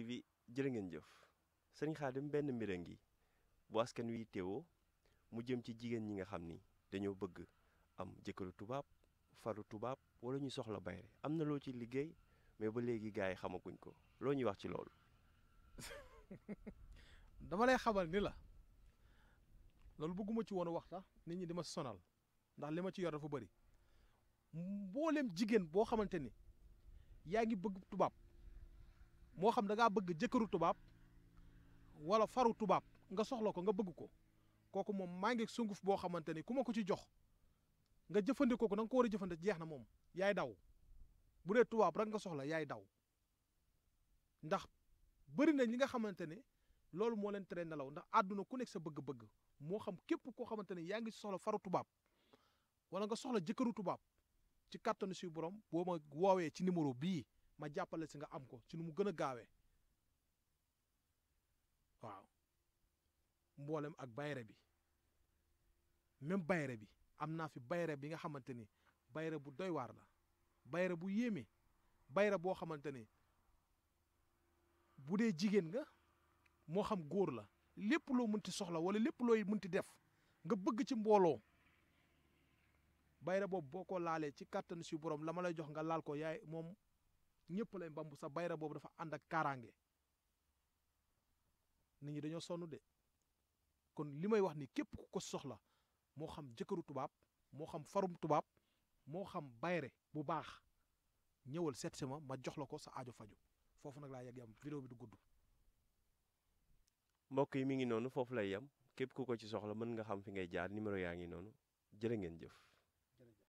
TV jërë ngeen jëf sëriñ Xaadim benn mbir a ngi bu askan wi teewoo mu jëm ci jigéen ñi nga xam ni dañoo bëgg am jëkkëru tubaab faru tubaab wala ñu soxla bayre am na loo ci liggéey mais ba léegi gars yi xamaguñ ko loo ñuy wax ci loolu. dama lay xamal ni la loolu bëgguma ci woon wax tax nit ñi di ma sonal ndax li ma ci yor dafa bari mboolem jigéen boo xamante ni yaa ngi bëgg tubaab. moo xam da bëgg jëkkëru tubaab wala faru tubaab nga soxla ko nga bëgg ko kooku moom maa ngi sunguf boo xamante ni ku ma ko ci jox nga jëfandikoo ko na ko war a jëfandikoo jeex na moom yaay daw bu dee tubaab rek nga soxla yaay daw ndax bëri na ñi nga xamante ne loolu moo leen tere nelaw ndax àdduna ku nekk sa bëgg-bëgg moo xam képp koo xamante ne yaa ngi soxla faru tubaab wala nga soxla jëkkëru tubaab ci kàttanu suy borom boo ma woowee ci numéro bii ma jàppale si nga am ko ci nu mu gën a gaawee waaw mboolem ak bayre bi même bayre bi am naa fi bayre bi nga xamante ni bayre bu doy waar la bayre bu yéeme bayre boo xamante ni bu dee jigéen nga moo xam góor la lépp loo mënti soxla wala lépp looy mënti def nga bëgg ci mbooloo bayre boobu boo ko laalee ci kàttan si borom la ma lay jox nga laal ko yaay moom ñepp lay bambu sa bayra bobu dafa and ak karange nit ñi dañoo sonu de kon limay wax ni képp ku ko soxla moo xam jëkëru tubaab moo xam farum tubaab moo xam bayre bu baax ñëwal set sama ma jox la ko sa aajo faju foofu nag laa yegg yam vidéo bi du gudd mbokk yi mi ngi noonu foofu lay yam képp ku ko ci soxla mën nga xam fi ngay jaar numéro yaa ngi noonu jëf